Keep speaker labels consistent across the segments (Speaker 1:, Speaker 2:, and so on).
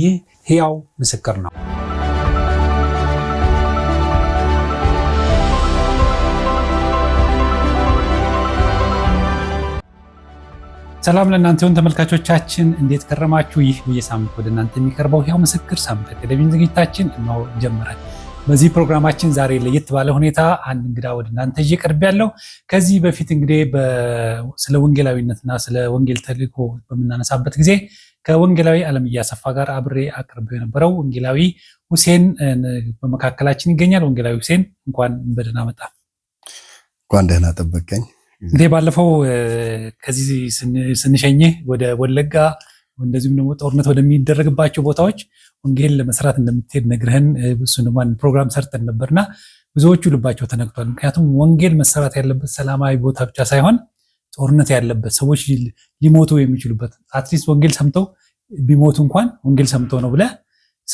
Speaker 1: ይህ ሕያው ምስክር ነው። ሰላም ለእናንተ ይሁን ተመልካቾቻችን፣ እንዴት ከረማችሁ? ይህ በየሳምንት ወደ እናንተ የሚቀርበው ሕያው ምስክር ሳምንት ቴሌቪዥን ዝግጅታችን ነው ጀምረን በዚህ ፕሮግራማችን ዛሬ ለየት ባለ ሁኔታ አንድ እንግዳ ወደ እናንተ ይዤ ቀርብ ያለው ከዚህ በፊት እንግዲህ ስለ ወንጌላዊነትና ስለ ወንጌል ተልእኮ በምናነሳበት ጊዜ ከወንጌላዊ አለምያ እያሰፋ ጋር አብሬ አቅርቤ የነበረው ወንጌላዊ ሁሴን በመካከላችን ይገኛል። ወንጌላዊ ሁሴን እንኳን በደህና መጣ።
Speaker 2: እንኳን ደህና ጠበቀኝ።
Speaker 1: እንዴ ባለፈው ከዚህ ስንሸኝህ ወደ ወለጋ እንደዚሁም ደግሞ ጦርነት ወደሚደረግባቸው ቦታዎች ወንጌል ለመስራት እንደምትሄድ ነግረህን ደማን ፕሮግራም ሰርተን ነበርና ብዙዎቹ ልባቸው ተነግቷል። ምክንያቱም ወንጌል መሰራት ያለበት ሰላማዊ ቦታ ብቻ ሳይሆን ጦርነት ያለበት ሰዎች ሊሞቱ የሚችሉበት አትሊስት ወንጌል ሰምተው ቢሞቱ እንኳን ወንጌል ሰምተው ነው ብለ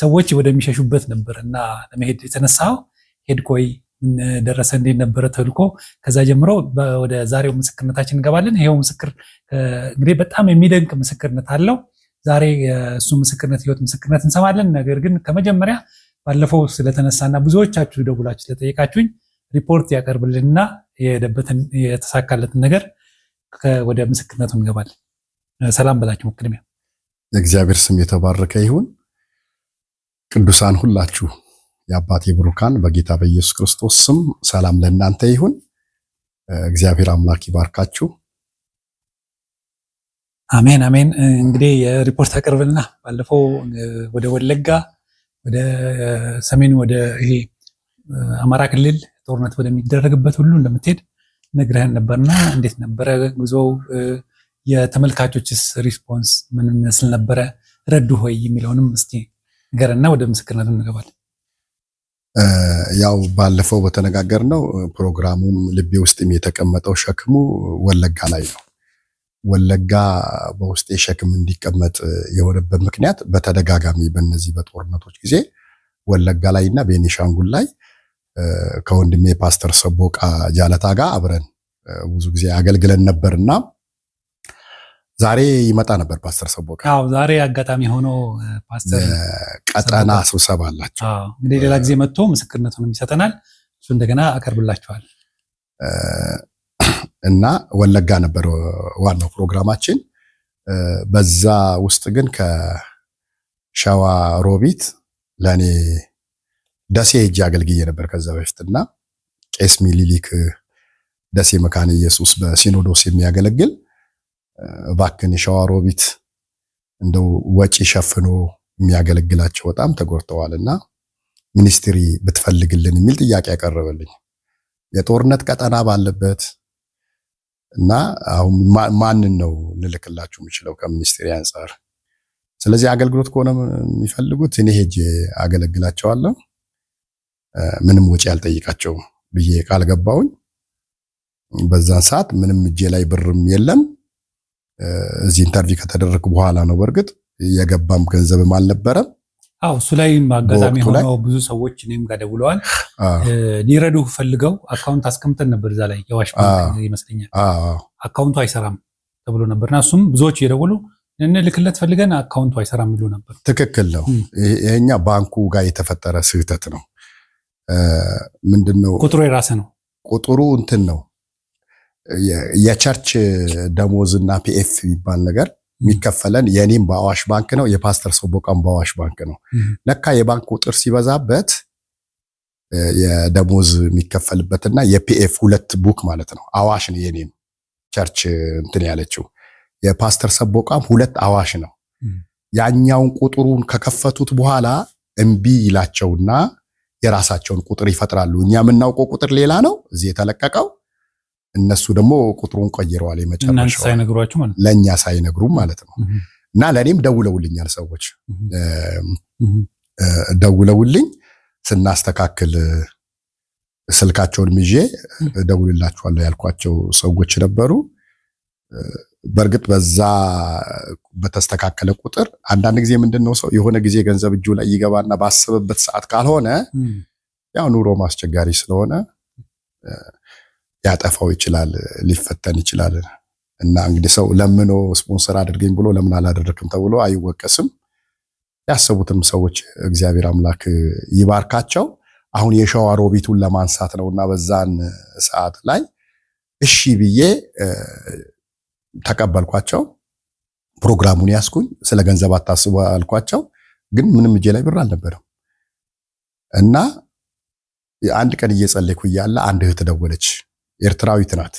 Speaker 1: ሰዎች ወደሚሸሹበት ነበር እና ለመሄድ የተነሳው ሄድ ኮይ ደረሰ እንዴት ነበረ ተልኮ? ከዛ ጀምሮ ወደ ዛሬው ምስክርነታችን እንገባለን። ይሄው ምስክር እንግዲህ በጣም የሚደንቅ ምስክርነት አለው። ዛሬ እሱ ምስክርነት ህይወት ምስክርነት እንሰማለን። ነገር ግን ከመጀመሪያ ባለፈው ስለተነሳና ብዙዎቻችሁ ደውላችሁ ስለጠየቃችሁኝ ሪፖርት ያቀርብልንና የሄደበትን የተሳካለትን ነገር ወደ ምስክርነቱ እንገባለን። ሰላም በላችሁ። ቅድሚያ
Speaker 2: የእግዚአብሔር ስም የተባረከ ይሁን። ቅዱሳን ሁላችሁ የአባቴ ብሩካን በጌታ በኢየሱስ ክርስቶስ ስም ሰላም ለእናንተ ይሁን። እግዚአብሔር አምላክ ይባርካችሁ።
Speaker 1: አሜን አሜን። እንግዲህ የሪፖርት አቅርብልና ባለፈው ወደ ወለጋ ወደ ሰሜን ወደ ይሄ አማራ ክልል ጦርነት ወደሚደረግበት ሁሉ እንደምትሄድ ነግረህን ነበርና እንዴት ነበረ ጉዞው? የተመልካቾችስ ሪስፖንስ ምን ይመስል ነበረ? ረዱ ሆይ የሚለውንም እስቲ ንገረና ወደ ምስክርነት እንገባለን።
Speaker 2: ያው ባለፈው ነው ፕሮግራሙም ልቤ ውስጥም የተቀመጠው ሸክሙ ወለጋ ላይ ነው። ወለጋ በውስጤ ሸክም እንዲቀመጥ የሆነበት ምክንያት በተደጋጋሚ በነዚህ በጦርነቶች ጊዜ ወለጋ ላይ እና ቤኒሻንጉል ላይ ከወንድሜ ፓስተር ሰቦቃ ጃለታ ጋር አብረን ብዙ ጊዜ አገልግለን ነበርና ዛሬ ይመጣ ነበር ፓስተር ሰቦቃ።
Speaker 1: አዎ ዛሬ አጋጣሚ ሆኖ
Speaker 2: ቀጠና ስብሰባ አላቸው።
Speaker 1: እንግዲህ ሌላ ጊዜ መጥቶ ምስክርነቱን ይሰጠናል። እሱ እንደገና አቀርብላቸዋል
Speaker 2: እና ወለጋ ነበር ዋናው ፕሮግራማችን። በዛ ውስጥ ግን ከሸዋ ሮቢት ለእኔ ደሴ ሄጄ አገልግዬ ነበር ከዛ በፊትና ቄስ ሚሊሊክ ደሴ መካነ ኢየሱስ በሲኖዶስ የሚያገለግል እባክን የሸዋሮቢት እንደው ወጪ ሸፍኖ የሚያገለግላቸው በጣም ተጎድተዋልና ሚኒስትሪ ብትፈልግልን የሚል ጥያቄ ያቀረበልኝ የጦርነት ቀጠና ባለበት እና አሁን ማንን ነው ልልክላችሁ የምችለው ከሚኒስትሪ አንጻር? ስለዚህ አገልግሎት ከሆነ የሚፈልጉት እኔ ሄጄ አገለግላቸዋለሁ። ምንም ወጪ ያልጠይቃቸው ብዬ ቃል ገባሁኝ። በዛን ሰዓት ምንም እጄ ላይ ብርም የለም። እዚህ ኢንተርቪው ከተደረግኩ በኋላ ነው በእርግጥ የገባም ገንዘብም አልነበረም።
Speaker 1: አው እሱ ላይ አጋጣሚ ሆነው ብዙ ሰዎች እኔም ጋር ደውለዋል። ሊረዱ ፈልገው አካውንት አስቀምጠን ነበር እዛ ላይ የዋሽ ባንክ ይመስለኛል አካውንቱ አይሰራም ተብሎ ነበርና እሱም ብዙዎች እየደወሉ ልክለት ፈልገን አካውንቱ አይሰራም ይሉ ነበር።
Speaker 2: ትክክል ነው። ይሄኛ ባንኩ ጋር የተፈጠረ ስህተት ነው። ምንድን ነው
Speaker 1: ቁጥሩ የራሰ ነው።
Speaker 2: ቁጥሩ እንትን ነው የቸርች ደሞዝ እና ፒኤፍ የሚባል ነገር የሚከፈለን የኔም በአዋሽ ባንክ ነው። የፓስተር ሰቦቃም በአዋሽ ባንክ ነው። ለካ የባንክ ቁጥር ሲበዛበት የደሞዝ እና የፒኤፍ ሁለት ቡክ ማለት ነው። አዋሽ ነው የኔም ቸርች እንትን ያለችው የፓስተር ሰቦቃም ሁለት አዋሽ ነው። ያኛውን ቁጥሩን ከከፈቱት በኋላ እምቢ ይላቸውና የራሳቸውን ቁጥር ይፈጥራሉ። እኛ የምናውቀው ቁጥር ሌላ ነው እዚህ የተለቀቀው። እነሱ ደግሞ ቁጥሩን ቀይረዋል።
Speaker 1: የመጨረሻው
Speaker 2: ለእኛ ሳይነግሩ ማለት ነው። እና ለእኔም ደውለውልኛል ሰዎች ደውለውልኝ ስናስተካክል ስልካቸውን ይዤ እደውልላችኋለሁ ያልኳቸው ሰዎች ነበሩ። በእርግጥ በዛ በተስተካከለ ቁጥር አንዳንድ ጊዜ ምንድን ነው ሰው የሆነ ጊዜ ገንዘብ እጁ ላይ ይገባና ባሰበበት ሰዓት ካልሆነ ያው ኑሮ አስቸጋሪ ስለሆነ ያጠፋው ይችላል፣ ሊፈተን ይችላል። እና እንግዲህ ሰው ለምኖ ስፖንሰር አድርገኝ ብሎ ለምን አላደረክም ተብሎ አይወቀስም። ያሰቡትም ሰዎች እግዚአብሔር አምላክ ይባርካቸው። አሁን የሸዋ ሮቢቱን ለማንሳት ነው እና በዛን ሰዓት ላይ እሺ ብዬ ተቀበልኳቸው። ፕሮግራሙን ያስኩኝ። ስለ ገንዘብ አታስቡ አልኳቸው። ግን ምንም እጄ ላይ ብር አልነበረም እና አንድ ቀን እየጸለይኩ እያለ አንድ እህት ደወለች። ኤርትራዊት ናት።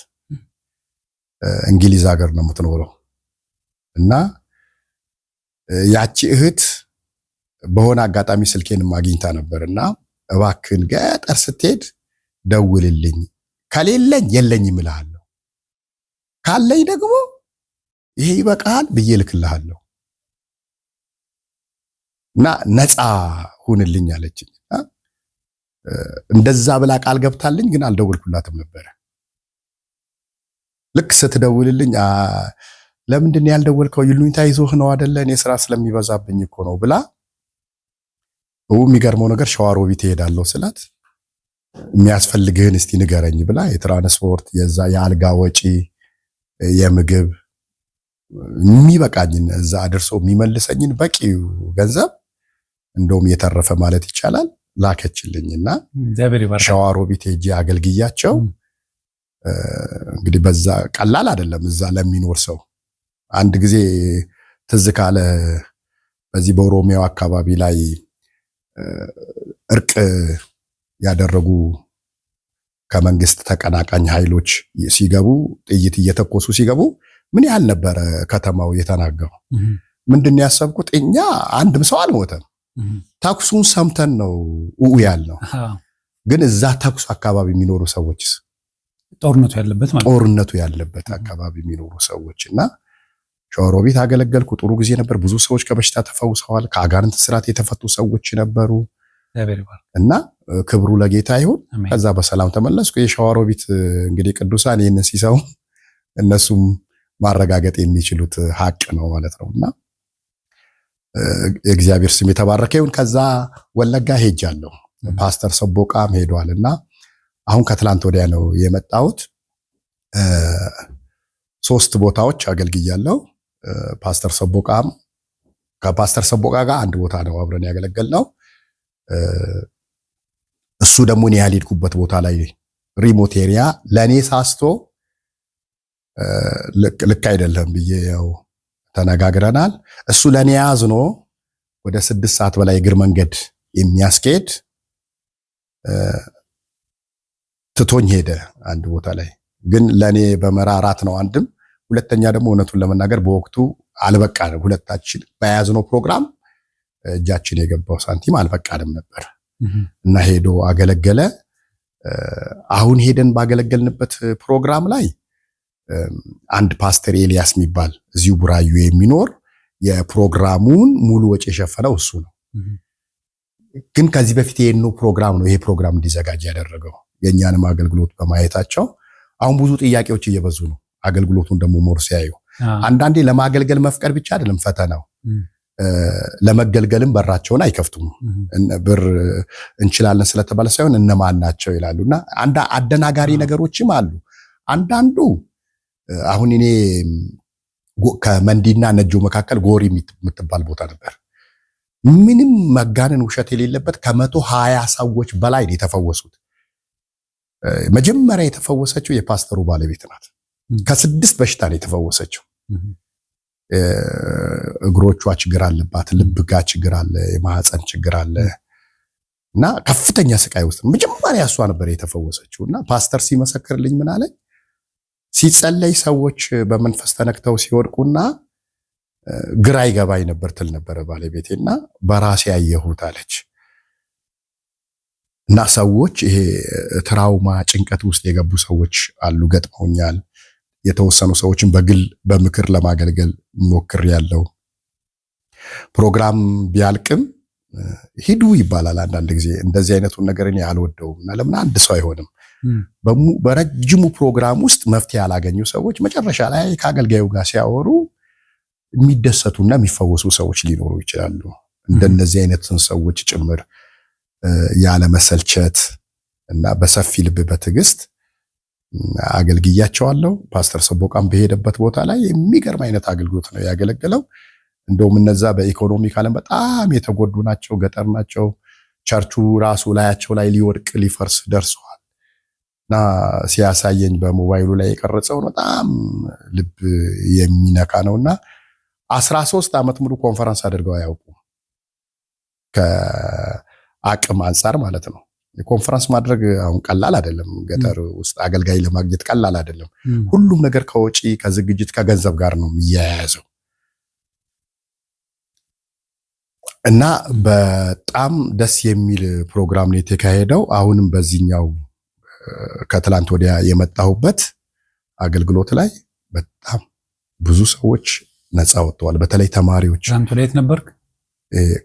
Speaker 2: እንግሊዝ ሀገር ነው የምትኖረው እና ያቺ እህት በሆነ አጋጣሚ ስልኬን አግኝታ ነበር እና እባክን ገጠር ስትሄድ ደውልልኝ ከሌለኝ የለኝም እልሃለሁ ካለኝ ደግሞ ይሄ ይበቃል ብዬ ልክልሃለሁ እና ነፃ ሁንልኝ አለችኝ። እንደዛ ብላ ቃል ገብታልኝ ግን አልደወልኩላትም ነበረ። ልክ ስትደውልልኝ ለምንድን ያልደወልከው? ይሉኝታ ይዞህ ነው አደለ? እኔ ስራ ስለሚበዛብኝ እኮ ነው ብላ እው የሚገርመው ነገር ሸዋሮቢት እሄዳለሁ ስላት የሚያስፈልግህን እስቲ ንገረኝ ብላ የትራንስፖርት የዛ የአልጋ ወጪ የምግብ የሚበቃኝን እዛ አድርሶ የሚመልሰኝን በቂው ገንዘብ እንደውም የተረፈ ማለት ይቻላል ላከችልኝና ሸዋሮቢት ሄጄ አገልግያቸው እንግዲህ በዛ ቀላል አይደለም። እዛ ለሚኖር ሰው አንድ ጊዜ ትዝ ካለ በዚህ በኦሮሚያው አካባቢ ላይ እርቅ ያደረጉ ከመንግስት ተቀናቃኝ ኃይሎች ሲገቡ ጥይት እየተኮሱ ሲገቡ ምን ያህል ነበረ ከተማው የተናገሩ? ምንድን ያሰብኩት እኛ አንድም ሰው አልሞተም። ተኩሱን ሰምተን ነው ኡ ነው። ግን እዛ ተኩሱ አካባቢ የሚኖሩ ሰዎችስ
Speaker 1: ጦርነቱ ያለበት ማለት
Speaker 2: ጦርነቱ ያለበት አካባቢ የሚኖሩ ሰዎች እና ሾሮ ቤት አገለገልኩ። ጥሩ ጊዜ ነበር። ብዙ ሰዎች ከበሽታ ተፈውሰዋል። ከአጋንንት ስርዓት የተፈቱ ሰዎች ነበሩ። እና ክብሩ ለጌታ ይሁን። ከዛ በሰላም ተመለስኩ። የሸዋሮቢት እንግዲህ ቅዱሳን ይህንን ሲሰው እነሱም ማረጋገጥ የሚችሉት ሀቅ ነው ማለት ነው እና የእግዚአብሔር ስም የተባረከ ይሁን። ከዛ ወለጋ ሄጃለሁ። ፓስተር ሰቦቃም ሄዷል እና አሁን ከትላንት ወዲያ ነው የመጣሁት። ሶስት ቦታዎች አገልግያለሁ። ፓስተር ሰቦቃም ከፓስተር ሰቦቃ ጋር አንድ ቦታ ነው አብረን ያገለገልነው። እሱ ደግሞ እኔ ያልሄድኩበት ቦታ ላይ ሪሞት ኤሪያ ለእኔ ሳስቶ ልክ አይደለም ብዬ ያው ተነጋግረናል። እሱ ለእኔ ያዝኖ ወደ ስድስት ሰዓት በላይ እግር መንገድ የሚያስኬድ ትቶኝ ሄደ። አንድ ቦታ ላይ ግን ለእኔ በመራራት ነው አንድም፣ ሁለተኛ ደግሞ እውነቱን ለመናገር በወቅቱ አልበቃ ሁለታችን በያዝነው ፕሮግራም እጃችን የገባው ሳንቲም አልበቃንም ነበር እና ሄዶ አገለገለ። አሁን ሄደን ባገለገልንበት ፕሮግራም ላይ አንድ ፓስተር ኤልያስ የሚባል እዚሁ ቡራዩ የሚኖር የፕሮግራሙን ሙሉ ወጪ የሸፈነው እሱ ነው። ግን ከዚህ በፊት ይሄን ፕሮግራም ነው ይሄ ፕሮግራም እንዲዘጋጅ ያደረገው የእኛንም አገልግሎት በማየታቸው አሁን ብዙ ጥያቄዎች እየበዙ ነው። አገልግሎቱን ደግሞ ሞር ሲያዩ አንዳንዴ ለማገልገል መፍቀድ ብቻ አይደለም ፈተናው ለመገልገልም በራቸውን አይከፍቱም። ብር እንችላለን ስለተባለ ሳይሆን እነማን ናቸው ይላሉ። እና አንድ አደናጋሪ ነገሮችም አሉ። አንዳንዱ አሁን እኔ ከመንዲና ነጆ መካከል ጎሪ የምትባል ቦታ ነበር። ምንም መጋነን ውሸት የሌለበት ከመቶ ሀያ ሰዎች በላይ ነው የተፈወሱት። መጀመሪያ የተፈወሰችው የፓስተሩ ባለቤት ናት። ከስድስት በሽታ ነው የተፈወሰችው። እግሮቿ ችግር አለባት፣ ልብ ጋ ችግር አለ፣ የማህፀን ችግር አለ እና ከፍተኛ ስቃይ ውስጥ መጀመሪያ እሷ ነበር የተፈወሰችው። እና ፓስተር ሲመሰክርልኝ ምን አለኝ፣ ሲጸለይ ሰዎች በመንፈስ ተነክተው ሲወድቁና ግራ ይገባኝ ነበር ትል ነበረ ባለቤቴ። እና በራሴ ያየሁት አለች እና ሰዎች ይሄ ትራውማ ጭንቀት ውስጥ የገቡ ሰዎች አሉ ገጥመውኛል። የተወሰኑ ሰዎችን በግል በምክር ለማገልገል ሞክር ያለው ፕሮግራም ቢያልቅም ሂዱ ይባላል። አንዳንድ ጊዜ እንደዚህ አይነቱን ነገር እኔ አልወደውም እና ለምን አንድ ሰው አይሆንም? በረጅሙ ፕሮግራም ውስጥ መፍትሄ ያላገኙ ሰዎች መጨረሻ ላይ ከአገልጋዩ ጋር ሲያወሩ የሚደሰቱና የሚፈወሱ ሰዎች ሊኖሩ ይችላሉ። እንደነዚህ አይነትን ሰዎች ጭምር ያለመሰልቸት እና በሰፊ ልብ በትዕግስት አገልግያቸዋለሁ። ፓስተር ሰቦቃም በሄደበት ቦታ ላይ የሚገርም አይነት አገልግሎት ነው ያገለገለው። እንደውም እነዛ በኢኮኖሚ ካለም በጣም የተጎዱ ናቸው፣ ገጠር ናቸው። ቸርቹ ራሱ ላያቸው ላይ ሊወድቅ ሊፈርስ ደርሰዋል እና ሲያሳየኝ በሞባይሉ ላይ የቀረጸውን በጣም ልብ የሚነካ ነው እና አስራ ሶስት ዓመት ሙሉ ኮንፈረንስ አድርገው አያውቁም ከአቅም አንጻር ማለት ነው። ኮንፈረንስ ማድረግ አሁን ቀላል አይደለም። ገጠር ውስጥ አገልጋይ ለማግኘት ቀላል አይደለም። ሁሉም ነገር ከወጪ ከዝግጅት፣ ከገንዘብ ጋር ነው የሚያያዘው እና በጣም ደስ የሚል ፕሮግራም ነው የተካሄደው። አሁንም በዚህኛው ከትላንት ወዲያ የመጣሁበት አገልግሎት ላይ በጣም ብዙ ሰዎች ነፃ ወጥተዋል። በተለይ ተማሪዎች።
Speaker 1: ትላንት ወዲያ የት ነበርክ?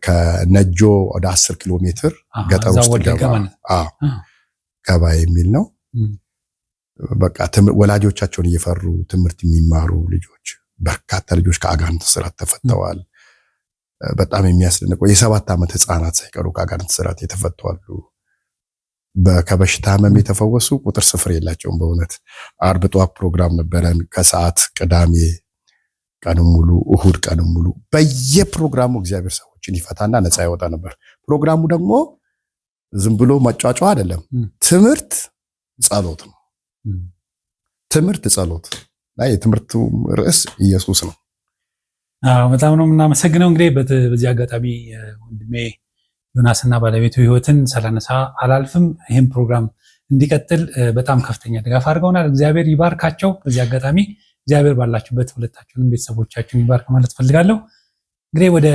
Speaker 2: ከነጆ ወደ አስር ኪሎ ሜትር ገጠር ውስጥ ገባ የሚል ነው። በቃ ወላጆቻቸውን እየፈሩ ትምህርት የሚማሩ ልጆች በርካታ ልጆች ከአጋንንት ስራት ተፈተዋል። በጣም የሚያስደንቀው የሰባት ዓመት ህፃናት ሳይቀሩ ከአጋንንት ስራት የተፈተዋሉ። ከበሽታ ህመም የተፈወሱ ቁጥር ስፍር የላቸውም። በእውነት አርብ ጠዋት ፕሮግራም ነበረን ከሰዓት ቅዳሜ ቀን ሙሉ እሁድ ቀን ሙሉ በየፕሮግራሙ እግዚአብሔር ሰዎችን ይፈታና ነፃ ያወጣ ነበር። ፕሮግራሙ ደግሞ ዝም ብሎ መጫጫ አይደለም። ትምህርት፣ ጸሎት ነው። ትምህርት፣ ጸሎት ላይ የትምህርቱ ርዕስ ኢየሱስ ነው።
Speaker 1: በጣም ነው የምናመሰግነው። እንግዲህ በዚህ አጋጣሚ ወንድሜ ዮናስና ባለቤቱ ህይወትን ሳላነሳ አላልፍም። ይህም ፕሮግራም እንዲቀጥል በጣም ከፍተኛ ድጋፍ አድርገውናል። እግዚአብሔር ይባርካቸው በዚህ አጋጣሚ እግዚአብሔር ባላችሁበት ሁለታችሁንም ቤተሰቦቻችሁን ይባርክ ማለት ፈልጋለሁ። እንግዲህ ወደ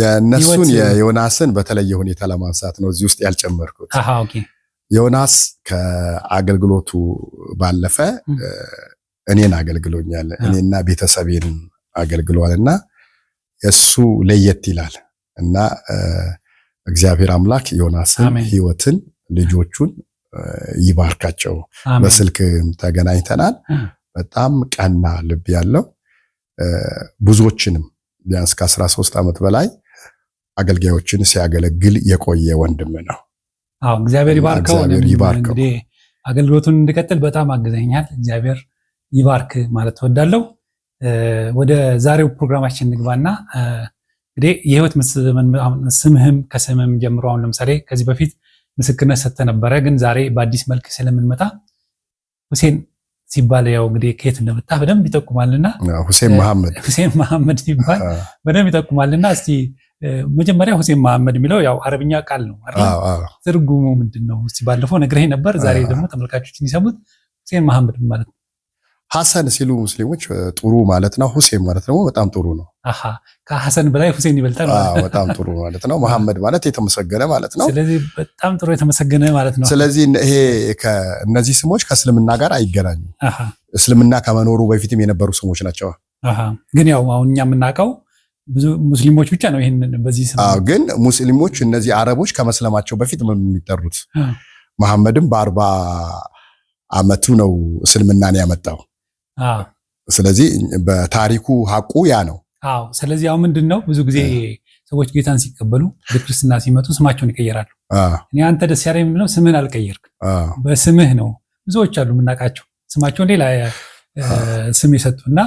Speaker 2: የእነሱን የዮናስን በተለየ ሁኔታ ለማንሳት ነው እዚህ ውስጥ ያልጨመርኩት። ዮናስ ከአገልግሎቱ ባለፈ እኔን አገልግሎኛል፣ እኔና ቤተሰቤን አገልግሏል እና እሱ ለየት ይላል እና እግዚአብሔር አምላክ ዮናስን ህይወትን ልጆቹን ይባርካቸው። በስልክ ተገናኝተናል። በጣም ቀና ልብ ያለው ብዙዎችንም ቢያንስ ከ13 ዓመት በላይ አገልጋዮችን ሲያገለግል የቆየ ወንድም ነው።
Speaker 1: አዎ እግዚአብሔር ይባርከው። እንግዲህ አገልግሎቱን እንድቀጥል በጣም አግዘኛል። እግዚአብሔር ይባርክ ማለት ወዳለው ወደ ዛሬው ፕሮግራማችን እንግባና እንግዲህ የህይወት ስምህም ከስምህም ጀምሮ አሁን ለምሳሌ ከዚህ በፊት ምስክርነት ሰጥተህ ነበረ፣ ግን ዛሬ በአዲስ መልክ ስለምንመጣ ሁሴን ሲባል ያው እንግዲህ ከየት እንደመጣ በደንብ ይጠቁማልና
Speaker 2: ሁሴን መሐመድ
Speaker 1: ሁሴን መሐመድ ሲባል በደንብ ይጠቁማልና እስቲ መጀመሪያ ሁሴን መሐመድ የሚለው ያው አረብኛ ቃል ነው ትርጉሙ ምንድን ነው? ባለፈው ነግረኝ ነበር። ዛሬ ደግሞ ተመልካቾች እንዲሰሙት ሁሴን መሐመድ ማለት ነው።
Speaker 2: ሐሰን ሲሉ ሙስሊሞች ጥሩ ማለት ነው። ሁሴን ማለት ደግሞ በጣም ጥሩ ነው።
Speaker 1: ከሐሰን በላይ ሁሴን ይበልጣል።
Speaker 2: በጣም ጥሩ ማለት ነው። መሐመድ ማለት የተመሰገነ ማለት ነው።
Speaker 1: ስለዚህ በጣም ጥሩ የተመሰገነ ማለት ነው።
Speaker 2: ስለዚህ ይሄ እነዚህ ስሞች ከእስልምና ጋር አይገናኙም። እስልምና ከመኖሩ በፊትም የነበሩ ስሞች ናቸው።
Speaker 1: ግን ያው አሁን እኛ የምናውቀው ብዙ ሙስሊሞች ብቻ ነው ይህንን በዚህ ስም
Speaker 2: ግን ሙስሊሞች እነዚህ አረቦች ከመስለማቸው በፊት የሚጠሩት መሐመድም በአርባ አመቱ ነው እስልምናን ያመጣው ስለዚህ በታሪኩ ሀቁ ያ ነው።
Speaker 1: አዎ። ስለዚህ አሁን ምንድን ነው ብዙ ጊዜ ሰዎች ጌታን ሲቀበሉ በክርስትና ሲመጡ ስማቸውን ይቀየራሉ። እኔ አንተ ደስ ያ ምንድን ስምህን አልቀየርክም፣ በስምህ ነው። ብዙዎች አሉ የምናውቃቸው ስማቸውን ሌላ ስም የሰጡ እና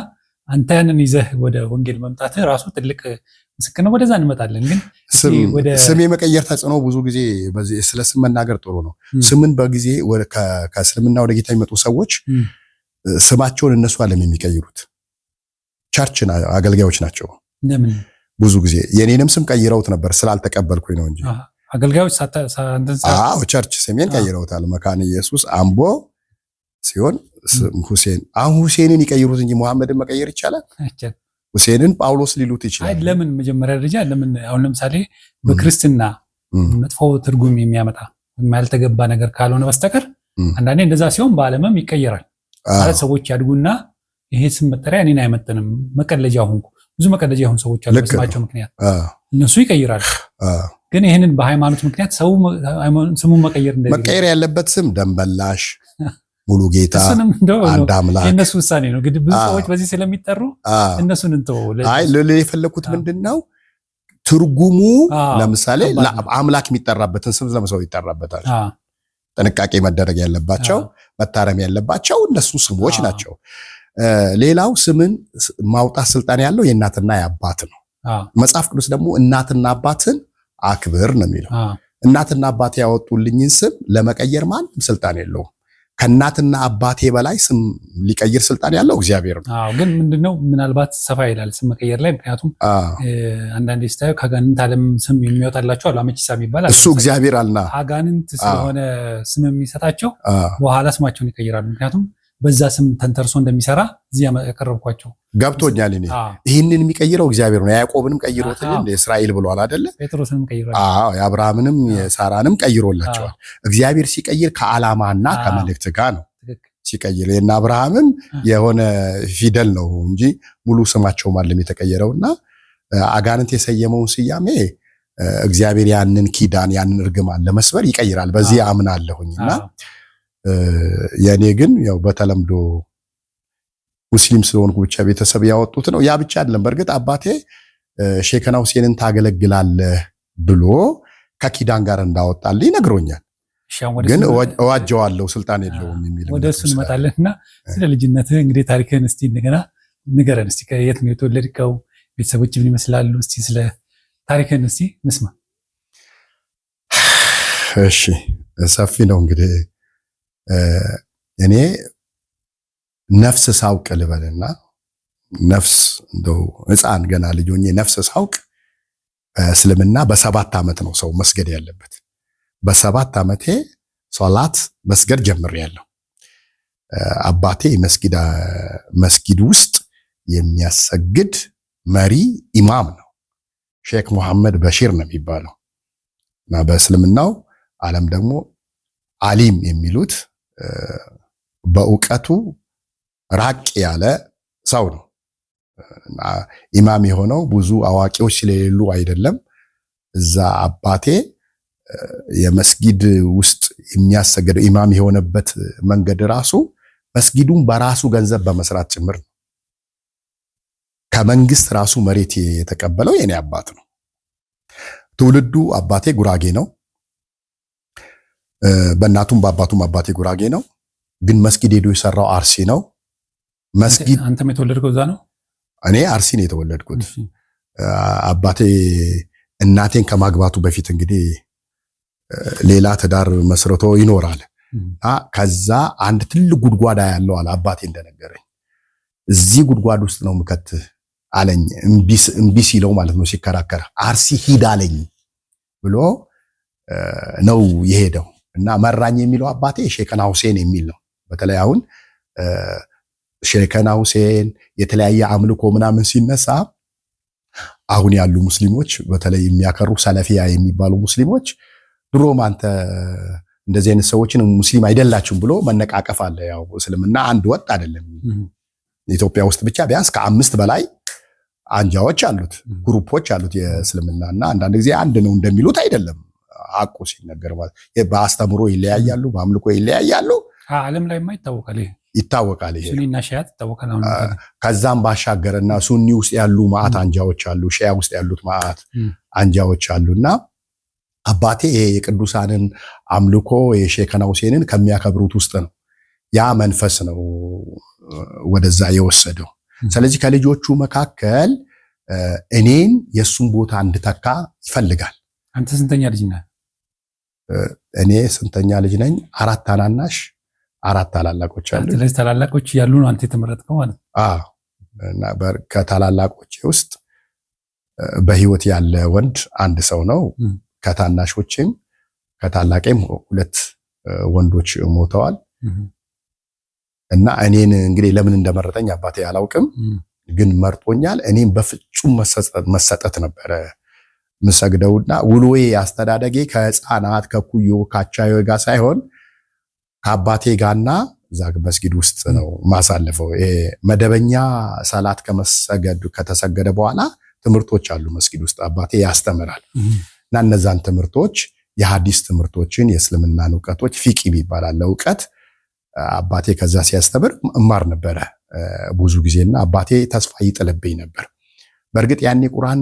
Speaker 1: አንተ ያንን ይዘህ ወደ ወንጌል መምጣትህ ራሱ ትልቅ ምስክር ነው። ወደዛ እንመጣለን። ግን
Speaker 2: ስም የመቀየር ተጽዕኖ ብዙ ጊዜ ስለ ስም መናገር ጥሩ ነው። ስምን በጊዜ ከእስልምና ወደ ጌታ የሚመጡ ሰዎች ስማቸውን እነሱ አለም የሚቀይሩት ቸርች አገልጋዮች ናቸው። ብዙ ጊዜ የኔንም ስም ቀይረውት ነበር ስላልተቀበልኩኝ ነው እንጂ አገልጋዮች አዎ ቸርች ስሜን ቀይረውታል። መካነ ኢየሱስ አምቦ ሲሆን ሁሴን አሁን ሁሴንን ይቀይሩት እንጂ መሐመድን መቀየር ይቻላል። ሁሴንን ጳውሎስ ሊሉት ይችላል።
Speaker 1: ለምን መጀመሪያ ደረጃ ለምን አሁን ለምሳሌ በክርስትና መጥፎ ትርጉም የሚያመጣ ያልተገባ ነገር ካልሆነ በስተቀር አንዳንዴ እንደዛ ሲሆን በዓለምም ይቀየራል። ማለት ሰዎች ያድጉና ይሄ ስም መጠሪያ እኔን አይመጥንም መቀለጃ ሆንኩ። ብዙ መቀለጃ የሆኑ ሰዎች አሉ በስማቸው ምክንያት እነሱ ይቀይራሉ። ግን ይህንን በሃይማኖት ምክንያት ሰው ስሙን መቀየር እንደ
Speaker 2: መቀየር ያለበት ስም ደንበላሽ፣ ሙሉ ጌታ፣
Speaker 1: አንድ አምላክ የእነሱ ውሳኔ ነው። ግን ብዙ ሰዎች በዚህ ስለሚጠሩ እነሱን እንተው።
Speaker 2: አይ የፈለግኩት ምንድን ነው ትርጉሙ ለምሳሌ አምላክ የሚጠራበትን ስም ለምሰው ይጠራበታል ጥንቃቄ መደረግ ያለባቸው መታረም ያለባቸው እነሱ ስሞች ናቸው። ሌላው ስምን ማውጣት ስልጣን ያለው የእናትና የአባት ነው። መጽሐፍ ቅዱስ ደግሞ እናትና አባትን አክብር ነው የሚለው። እናትና አባት ያወጡልኝን ስም ለመቀየር ማንም ስልጣን የለውም። ከእናትና አባቴ በላይ ስም ሊቀይር ስልጣን ያለው እግዚአብሔር
Speaker 1: ነው። ግን ምንድነው ምናልባት ሰፋ ይላል ስም መቀየር ላይ ምክንያቱም አንዳንዴ ስታዩ ከአጋንንት ዓለም ስም የሚወጣላቸው አሉ። አመቺሳ የሚባል
Speaker 2: እሱ እግዚአብሔር አልና
Speaker 1: አጋንንት ስለሆነ ስም የሚሰጣቸው በኋላ ስማቸውን ይቀይራሉ። ምክንያቱም በዛ ስም ተንተርሶ እንደሚሰራ እዚህ ያቀረብኳቸው
Speaker 2: ገብቶኛል። እኔ ይህንን የሚቀይረው እግዚአብሔር ነው። ያዕቆብንም ቀይሮትልን እስራኤል ብሏል አደለ? ጴጥሮስንም የአብርሃምንም የሳራንም ቀይሮላቸዋል። እግዚአብሔር ሲቀይር ከዓላማና ከመልእክት ጋር ነው ሲቀይር የእነ አብርሃምም የሆነ ፊደል ነው እንጂ ሙሉ ማለም የተቀየረው እና አጋንንት የሰየመውን ስያሜ እግዚአብሔር ያንን ኪዳን ያንን እርግማን ለመስበር ይቀይራል። በዚህ አምናለሁኝ እና የኔ ግን ያው በተለምዶ ሙስሊም ስለሆንኩ ብቻ ቤተሰብ ያወጡት ነው። ያ ብቻ አይደለም። በእርግጥ አባቴ ሼከና ሁሴንን ታገለግላለህ ብሎ ከኪዳን ጋር እንዳወጣልኝ ይነግሮኛል። ግን እዋጀዋለሁ ስልጣን የለውም
Speaker 1: የሚል ወደ እሱ እንመጣለን እና ስለ ልጅነትህ እንግዲህ ታሪክህን እስቲ እንደገና ንገረን። እስቲ ከየት ነው የተወለድከው? ቤተሰቦች ምን ይመስላሉ? እስቲ ስለ ታሪክህን እስቲ እንስማ።
Speaker 2: እሺ ሰፊ ነው እንግዲህ እኔ ነፍስ ሳውቅ ልበልና ነፍስ እንደው ህፃን ገና ልጅ ነፍስ ሳውቅ እስልምና በሰባት ዓመት ነው ሰው መስገድ ያለበት። በሰባት ዓመቴ ሶላት መስገድ ጀምሬያለሁ። አባቴ መስጊድ ውስጥ የሚያሰግድ መሪ ኢማም ነው። ሼክ ሙሐመድ በሺር ነው የሚባለው እና በእስልምናው ዓለም ደግሞ አሊም የሚሉት በእውቀቱ ራቅ ያለ ሰው ነው። ኢማም የሆነው ብዙ አዋቂዎች ስለሌሉ አይደለም። እዛ አባቴ የመስጊድ ውስጥ የሚያሰገደው ኢማም የሆነበት መንገድ ራሱ መስጊዱን በራሱ ገንዘብ በመስራት ጭምር ነው። ከመንግስት ራሱ መሬት የተቀበለው የኔ አባት ነው። ትውልዱ አባቴ ጉራጌ ነው። በእናቱም በአባቱም አባቴ ጉራጌ ነው፣ ግን መስጊድ ሄዶ የሰራው አርሲ ነው። መስጊድ
Speaker 1: አንተም የተወለድከው እዛ ነው?
Speaker 2: እኔ አርሲ ነው የተወለድኩት። አባቴ እናቴን ከማግባቱ በፊት እንግዲህ ሌላ ትዳር መስርቶ ይኖራል። ከዛ አንድ ትልቅ ጉድጓዳ ያለው አለ አባቴ እንደነገረኝ። እዚህ ጉድጓድ ውስጥ ነው ምከት አለኝ። እምቢ ሲለው ማለት ነው ሲከራከር፣ አርሲ ሂድ አለኝ ብሎ ነው የሄደው። እና መራኝ የሚለው አባቴ ሼከና ሁሴን የሚል ነው። በተለይ አሁን ሼከና ሁሴን የተለያየ አምልኮ ምናምን ሲነሳ አሁን ያሉ ሙስሊሞች በተለይ የሚያከሩ ሰለፊያ የሚባሉ ሙስሊሞች ድሮም አንተ እንደዚህ አይነት ሰዎችን ሙስሊም አይደላችሁም ብሎ መነቃቀፍ አለ። ያው እስልምና አንድ ወጥ አይደለም። ኢትዮጵያ ውስጥ ብቻ ቢያንስ ከአምስት በላይ አንጃዎች አሉት፣ ግሩፖች አሉት የእስልምና እና አንዳንድ ጊዜ አንድ ነው እንደሚሉት አይደለም አቁ ሲነገር በአስተምሮ ይለያያሉ፣ በአምልኮ ይለያያሉ።
Speaker 1: ዓለም ላይ ይታወቃል ይታወቃል ሱኒና ይታወቃል።
Speaker 2: ከዛም ባሻገርና ሱኒ ውስጥ ያሉ ማአት አንጃዎች አሉ፣ ሺዓ ውስጥ ያሉት ማአት አንጃዎች እና አባቴ ይሄ የቅዱሳንን አምልኮ የሼከና ሁሴንን ከሚያከብሩት ውስጥ ነው። ያ መንፈስ ነው ወደዛ የወሰደው። ስለዚህ ከልጆቹ መካከል እኔን የእሱን ቦታ እንድተካ ይፈልጋል።
Speaker 1: አንተ ስንተኛ ልጅ ነህ?
Speaker 2: እኔ ስንተኛ ልጅ ነኝ? አራት ታናናሽ አራት ታላላቆች አሉ።
Speaker 1: ስለዚህ ታላላቆች ያሉ ነው አንተ የተመረጥከው ማለት
Speaker 2: ነው። እና ከታላላቆቼ ውስጥ በህይወት ያለ ወንድ አንድ ሰው ነው። ከታናሾቼም ከታላቄም ሁለት ወንዶች ሞተዋል። እና እኔን እንግዲህ ለምን እንደመረጠኝ አባቴ አላውቅም፣ ግን መርጦኛል። እኔም በፍጹም መሰጠት ነበረ የምሰግደውና ውሎዬ አስተዳደጌ ከህፃናት ከኩዮ ካቻዮ ጋር ሳይሆን ከአባቴ ጋርና እዛ መስጊድ ውስጥ ነው ማሳለፈው። መደበኛ ሰላት ከመሰገድ ከተሰገደ በኋላ ትምህርቶች አሉ መስጊድ ውስጥ አባቴ ያስተምራል እና እነዛን ትምህርቶች የሀዲስ ትምህርቶችን የእስልምናን እውቀቶች ፊቂ ይባላል እውቀት አባቴ ከዛ ሲያስተምር እማር ነበረ ብዙ ጊዜና አባቴ ተስፋ ይጥልብኝ ነበር። በእርግጥ ያኔ ቁርአን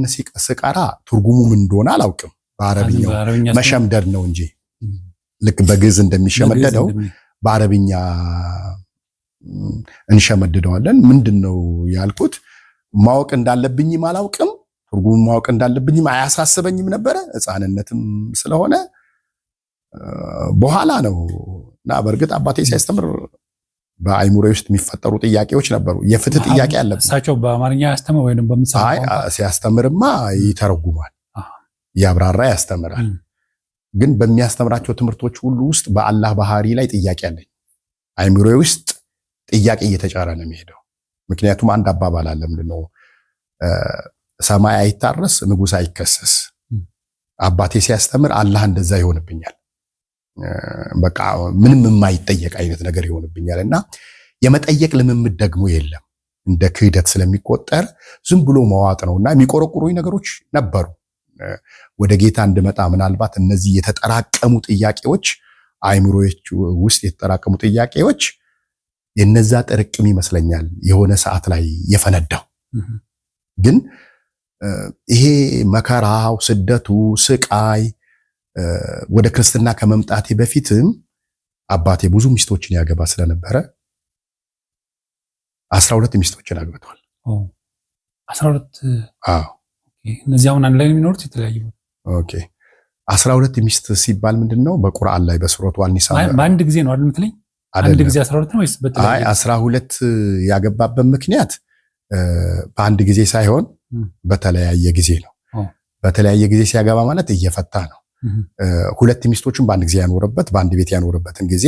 Speaker 2: ስቀራ ትርጉሙ ምን እንደሆነ አላውቅም። በአረብኛው መሸምደድ ነው እንጂ ልክ በግዕዝ እንደሚሸመደደው በአረብኛ እንሸመድደዋለን። ምንድን ነው ያልኩት? ማወቅ እንዳለብኝም አላውቅም፣ ትርጉሙ ማወቅ እንዳለብኝም አያሳስበኝም ነበረ። ህፃንነትም ስለሆነ በኋላ ነው እና በእርግጥ አባቴ ሲያስተምር በአይሙሮ ውስጥ የሚፈጠሩ ጥያቄዎች ነበሩ። የፍትህ ጥያቄ አለብን።
Speaker 1: እሳቸው በአማርኛ ያስተምር ወይም
Speaker 2: ሲያስተምርማ ይተረጉማል፣ ያብራራ፣ ያስተምራል። ግን በሚያስተምራቸው ትምህርቶች ሁሉ ውስጥ በአላህ ባህሪ ላይ ጥያቄ አለኝ። አይሙሮ ውስጥ ጥያቄ እየተጫረ ነው የሚሄደው። ምክንያቱም አንድ አባባል አለ፣ ምንድን ሰማይ አይታረስ ንጉሥ አይከሰስ። አባቴ ሲያስተምር አላህ እንደዛ ይሆንብኛል። በቃ ምንም የማይጠየቅ አይነት ነገር ይሆንብኛል እና የመጠየቅ ልምምድ ደግሞ የለም እንደ ክህደት ስለሚቆጠር ዝም ብሎ መዋጥ ነው እና የሚቆረቁሩኝ ነገሮች ነበሩ። ወደ ጌታ እንድመጣ ምናልባት እነዚህ የተጠራቀሙ ጥያቄዎች አእምሮች ውስጥ የተጠራቀሙ ጥያቄዎች የነዛ ጥርቅም ይመስለኛል የሆነ ሰዓት ላይ የፈነዳው። ግን ይሄ መከራው፣ ስደቱ፣ ስቃይ ወደ ክርስትና ከመምጣቴ በፊትም አባቴ ብዙ ሚስቶችን ያገባ ስለነበረ አስራ ሁለት ሚስቶችን አግብቷል።
Speaker 1: አስራ ሁለት አዎ። እነዚህ አሁን አንድ ላይ የሚኖሩት የተለያዩ
Speaker 2: ኦኬ። አስራ ሁለት ሚስት ሲባል ምንድን ነው? በቁርአን ላይ በሱረቱ አኒሳ
Speaker 1: በአንድ ጊዜ ነው አይደል የምትለኝ? አንድ ጊዜ አስራ ሁለት ነው ወይስ
Speaker 2: በተለያየ? አይ አስራ ሁለት ያገባበት ምክንያት በአንድ ጊዜ ሳይሆን በተለያየ ጊዜ ነው። በተለያየ ጊዜ ሲያገባ ማለት እየፈታ ነው ሁለት ሚስቶችን በአንድ ጊዜ ያኖረበት በአንድ ቤት ያኖረበትን ጊዜ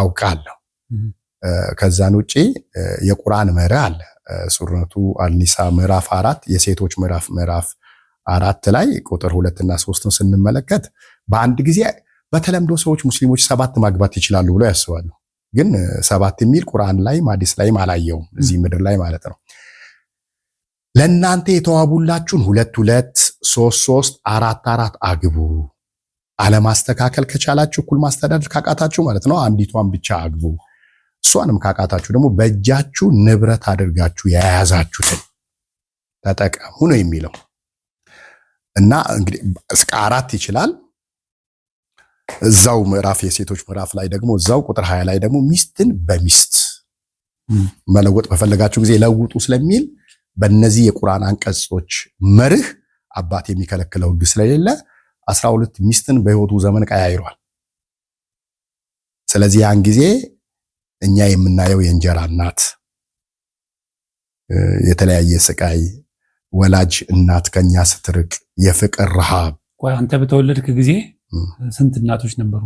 Speaker 2: አውቃለሁ። ከዛን ውጪ የቁርአን መርህ አለ። ሱረቱ አልኒሳ ምዕራፍ አራት የሴቶች ምዕራፍ ምዕራፍ አራት ላይ ቁጥር ሁለትና ሶስትን ስንመለከት በአንድ ጊዜ በተለምዶ ሰዎች ሙስሊሞች ሰባት ማግባት ይችላሉ ብለው ያስባሉ። ግን ሰባት የሚል ቁርአን ላይም ሐዲስ ላይም አላየውም እዚህ ምድር ላይ ማለት ነው። ለእናንተ የተዋቡላችሁን ሁለት ሁለት ሶስት ሶስት አራት አራት አግቡ። አለማስተካከል ከቻላችሁ እኩል ማስተዳደር ካቃታችሁ ማለት ነው አንዲቷን ብቻ አግቡ። እሷንም ካቃታችሁ ደግሞ በእጃችሁ ንብረት አድርጋችሁ የያዛችሁትን ተጠቀሙ ነው የሚለው እና እንግዲህ እስከ አራት ይችላል። እዛው ምዕራፍ የሴቶች ምዕራፍ ላይ ደግሞ እዛው ቁጥር ሀያ ላይ ደግሞ ሚስትን በሚስት መለወጥ በፈለጋችሁ ጊዜ ለውጡ ስለሚል በእነዚህ የቁርአን አንቀጾች መርህ አባት የሚከለክለው ህግ ስለሌለ አስራ ሁለት ሚስትን በህይወቱ ዘመን ቀያይሯል። ስለዚህ ያን ጊዜ እኛ የምናየው የእንጀራ እናት የተለያየ ስቃይ፣ ወላጅ እናት ከኛ ስትርቅ የፍቅር ረሃብ።
Speaker 1: አንተ በተወለድክ ጊዜ ስንት እናቶች ነበሩ?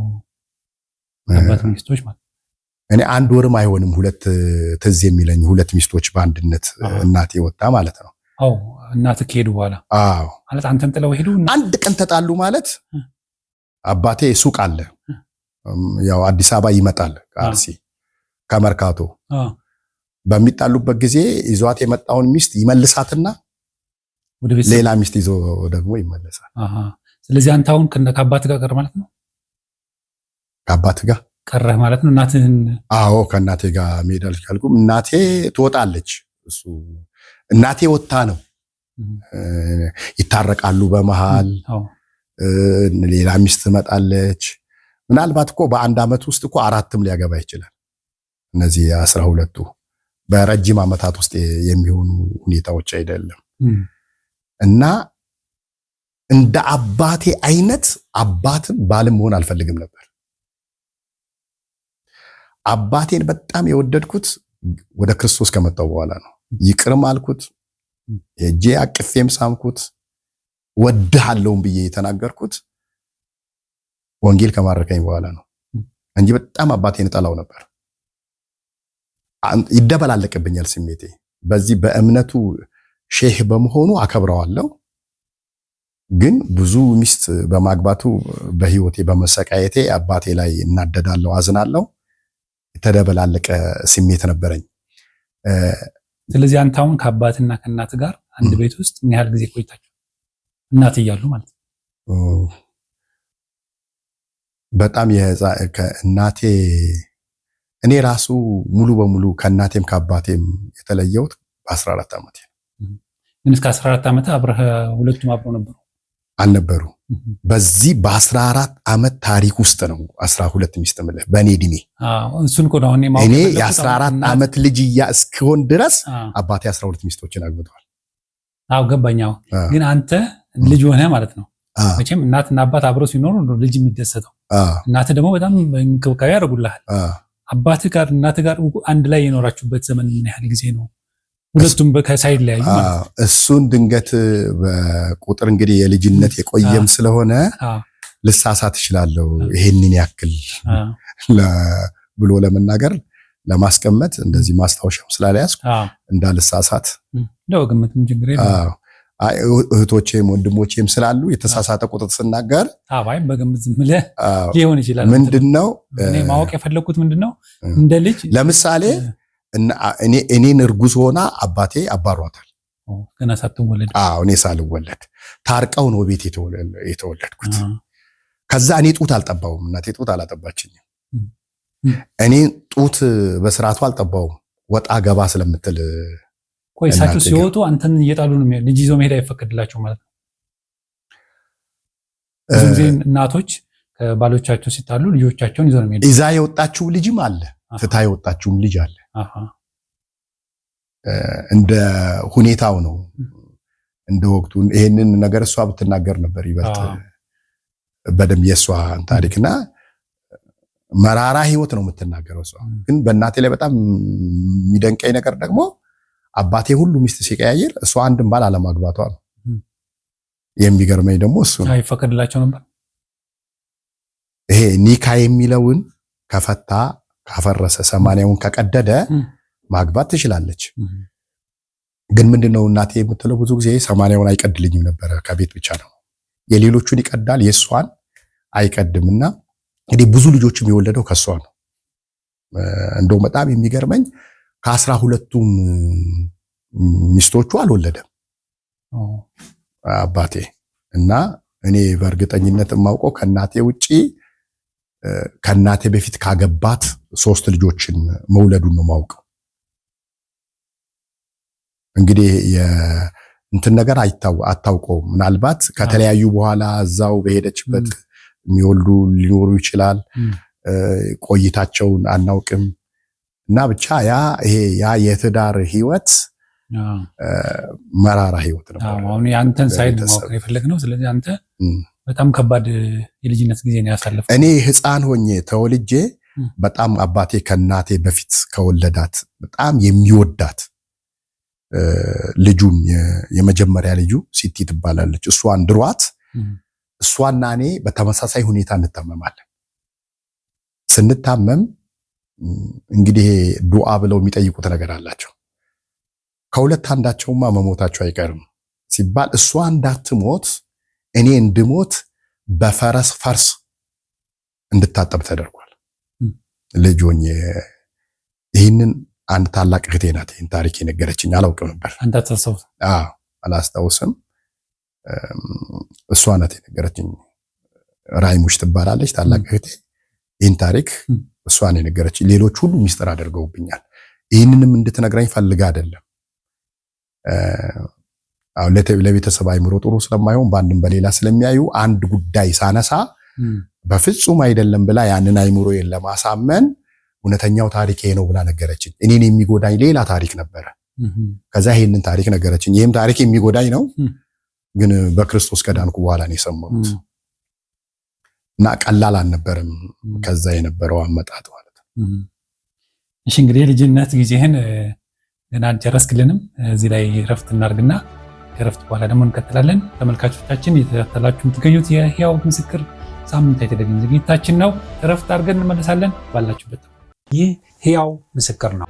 Speaker 1: አባት ሚስቶች ማለት
Speaker 2: እኔ አንድ ወርም አይሆንም ሁለት ትዝ የሚለኝ ሁለት ሚስቶች በአንድነት እናቴ ወጣ ማለት ነው።
Speaker 1: አዎ እናት ከሄዱ በኋላ አዎ ማለት አንተን ጥለው ሄዱ።
Speaker 2: አንድ ቀን ተጣሉ ማለት አባቴ ሱቅ አለ፣ ያው አዲስ አበባ ይመጣል ከአርሲ ከመርካቶ። በሚጣሉበት ጊዜ ይዟት የመጣውን ሚስት ይመልሳትና ሌላ ሚስት ይዞ ደግሞ ይመለሳል።
Speaker 1: ስለዚህ አንተ አሁን ከአባት ጋር ቀር ማለት ነው ከአባት ጋር ቀረህ ማለት ነው። እናትህን?
Speaker 2: አዎ ከእናቴ ጋር መሄድ አልቻልኩም። እናቴ ትወጣለች። እሱ እናቴ ወጣ ነው ይታረቃሉ። በመሃል ሌላ ሚስት ትመጣለች። ምናልባት እኮ በአንድ አመት ውስጥ እኮ አራትም ሊያገባ ይችላል። እነዚህ አስራ ሁለቱ በረጅም አመታት ውስጥ የሚሆኑ ሁኔታዎች አይደለም እና እንደ አባቴ አይነት አባትም ባልም መሆን አልፈልግም ነበር አባቴን በጣም የወደድኩት ወደ ክርስቶስ ከመጣው በኋላ ነው። ይቅርም አልኩት፣ እጄ አቅፌም ሳምኩት፣ ወድሃለሁም ብዬ የተናገርኩት ወንጌል ከማረከኝ በኋላ ነው እንጂ በጣም አባቴን ጠላው ነበር። ይደበላለቅብኛል ስሜቴ። በዚህ በእምነቱ ሼህ በመሆኑ አከብረዋለሁ፣ ግን ብዙ ሚስት በማግባቱ በህይወቴ በመሰቃየቴ አባቴ ላይ እናደዳለሁ፣ አዝናለሁ። የተደበላለቀ ስሜት ነበረኝ።
Speaker 1: ስለዚህ አንተ አሁን ከአባትና ከእናት ጋር አንድ ቤት ውስጥ ምን ያህል ጊዜ ቆይታችሁ? እናት እያሉ ማለት ነው።
Speaker 2: በጣም እናቴ እኔ ራሱ ሙሉ በሙሉ ከእናቴም ከአባቴም የተለየሁት በ14 ዓመት
Speaker 1: ግን እስከ 14 ዓመት አብረህ ሁለቱም አብረው ነበሩ
Speaker 2: አልነበሩ በዚህ በአስራ አራት ዓመት ታሪክ ውስጥ ነው አስራ ሁለት ሚስት የምልህ በእኔ እድሜ እኔ የአስራ አራት ዓመት ልጅ እያ እስክሆን ድረስ አባቴ አስራ ሁለት ሚስቶችን አግብተዋል።
Speaker 1: ገባኛው። ግን አንተ ልጅ ሆነ ማለት ነው። መቼም እናትና አባት አብረው ሲኖሩ ልጅ የሚደሰተው እናት ደግሞ በጣም እንክብካቤ ያደርጉልሃል። አባትህ ጋር እናት ጋር አንድ ላይ የኖራችሁበት ዘመን ምን ያህል ጊዜ ነው? ሁለቱም ከሳይድ ላይ
Speaker 2: እሱን ድንገት በቁጥር እንግዲህ የልጅነት የቆየም ስለሆነ ልሳሳት እችላለሁ ይሄንን ያክል ብሎ ለመናገር ለማስቀመጥ እንደዚህ ማስታወሻም ስላልያዝኩ እንዳልሳሳት
Speaker 1: እንደው ግምትም ችግር
Speaker 2: የለም። እህቶቼም ወንድሞቼም ስላሉ የተሳሳተ ቁጥር ስናገር
Speaker 1: አባይም በግምት ዝም ብለህ ሊሆን ይችላል። ምንድነው ማወቅ የፈለግኩት ምንድነው እንደ ልጅ
Speaker 2: ለምሳሌ እኔን እርጉዝ ሆና አባቴ አባሯታል።
Speaker 1: ገና ሳትወለድ?
Speaker 2: አዎ እኔ ሳልወለድ ታርቀው ነው ቤት የተወለድኩት። ከዛ እኔ ጡት አልጠባውም። እናቴ ጡት አላጠባችኝም። እኔ ጡት በስርዓቱ አልጠባውም፣ ወጣ ገባ ስለምትል።
Speaker 1: ቆይ እሳቸው ሲወጡ አንተን እየጣሉ ነው? ልጅ ይዞ መሄድ አይፈቀድላቸው ማለት ነው? ብዙ ጊዜ እናቶች ከባሎቻቸው ሲጣሉ ልጆቻቸውን
Speaker 2: ይዞ ነው ይዛ የወጣችው ልጅም አለ፣ ፍታ የወጣችውም ልጅ አለ። እንደ ሁኔታው ነው እንደ ወቅቱ። ይሄንን ነገር እሷ ብትናገር ነበር ይበልጥ በደንብ የእሷ ታሪክና መራራ ህይወት ነው የምትናገረው እሷ። ግን በእናቴ ላይ በጣም የሚደንቀኝ ነገር ደግሞ አባቴ ሁሉ ሚስት ሲቀያየር እሷ አንድም ባል አለማግባቷ ነው። የሚገርመኝ ደግሞ እሱ
Speaker 1: ነው። ይፈቀድላቸው ነበር
Speaker 2: ይሄ ኒካ የሚለውን ከፈታ ካፈረሰ ሰማንያውን ከቀደደ ማግባት ትችላለች። ግን ምንድነው እናቴ የምትለው ብዙ ጊዜ ሰማንያውን አይቀድልኝም ነበረ ከቤት ብቻ ነው የሌሎቹን ይቀዳል የእሷን አይቀድምና እንግዲህ ብዙ ልጆችም የወለደው ከእሷ ነው። እንደው በጣም የሚገርመኝ ከአስራ ሁለቱም ሚስቶቹ አልወለደም አባቴ እና እኔ በእርግጠኝነት የማውቀው ከእናቴ ውጪ ከእናቴ በፊት ካገባት ሶስት ልጆችን መውለዱን ነው ማውቀው። እንግዲህ እንትን ነገር አታውቀው ምናልባት ከተለያዩ በኋላ እዛው በሄደችበት የሚወልዱ ሊኖሩ ይችላል። ቆይታቸውን አናውቅም እና ብቻ ያ ይሄ ያ የትዳር ህይወት መራራ ህይወት
Speaker 1: ነበር። አሁን የአንተን ሳይድ ማወቅ ነው። ስለዚህ አንተ በጣም ከባድ የልጅነት ጊዜ ነው ያሳለፍኩት።
Speaker 2: እኔ ህፃን ሆኜ ተወልጄ በጣም አባቴ ከእናቴ በፊት ከወለዳት በጣም የሚወዳት ልጁን የመጀመሪያ ልጁ ሲቲ ትባላለች። እሷን ድሯት እሷና እኔ በተመሳሳይ ሁኔታ እንታመማለን። ስንታመም እንግዲህ ዱዓ ብለው የሚጠይቁት ነገር አላቸው ከሁለት አንዳቸውማ መሞታቸው አይቀርም ሲባል እሷ እንዳትሞት እኔ እንድሞት በፈረስ ፈርስ እንድታጠብ ተደርጓል። ልጆኝ ይህንን አንድ ታላቅ እህቴ ናት ይህን ታሪክ የነገረችኝ። አላውቅም ነበር አላስታውስም። እሷ ናት የነገረችኝ። ራይሙሽ ትባላለች ታላቅ እህቴ። ይህን ታሪክ እሷን የነገረችኝ። ሌሎች ሁሉ ሚስጥር አድርገውብኛል። ይህንንም እንድትነግረኝ ፈልግ አይደለም አሁን ለቤተሰብ አይምሮ ጥሩ ስለማይሆን በአንድም በሌላ ስለሚያዩ አንድ ጉዳይ ሳነሳ በፍጹም አይደለም ብላ ያንን አይምሮ ለማሳመን እውነተኛው ታሪክ ይሄ ነው ብላ ነገረችኝ። እኔን የሚጎዳኝ ሌላ ታሪክ ነበረ። ከዛ ይሄንን ታሪክ ነገረችኝ። ይህም ታሪክ የሚጎዳኝ ነው፣ ግን በክርስቶስ ከዳንኩ በኋላ ነው የሰማሁት እና ቀላል አልነበረም። ከዛ የነበረው አመጣጥ ማለት ነው።
Speaker 1: እሺ እንግዲህ ልጅነት ጊዜህን ገና አልጨረስክልንም። እዚህ ላይ ረፍት እናድርግና ከረፍት በኋላ ደግሞ እንቀጥላለን። ተመልካቾቻችን የተከታተላችሁ የምትገኙት የህያው ምስክር ሳምንታዊ ቴሌቪዥን ዝግጅታችን ነው። ረፍት አድርገን እንመለሳለን። ባላችሁበት ይህ ህያው ምስክር ነው።